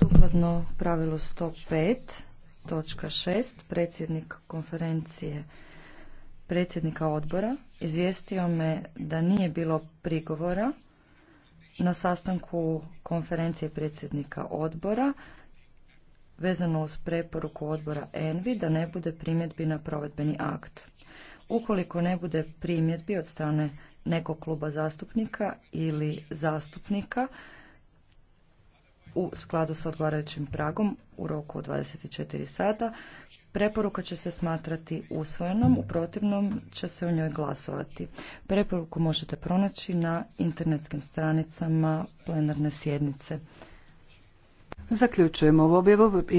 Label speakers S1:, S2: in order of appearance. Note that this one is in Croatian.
S1: Sukladno pravilu 105.6, točka predsjednik konferencije predsjednika odbora izvijestio me da nije bilo prigovora na sastanku konferencije predsjednika odbora vezano uz preporuku odbora ENVI da ne bude primjedbi na provedbeni akt. Ukoliko ne bude primjedbi od strane nekog kluba zastupnika ili zastupnika, u skladu sa odgovarajućim pragom u roku od 24 sata, preporuka će se smatrati usvojenom, u protivnom će se o njoj glasovati. Preporuku možete pronaći na internetskim stranicama plenarne sjednice.
S2: Zaključujemo ovu objavu.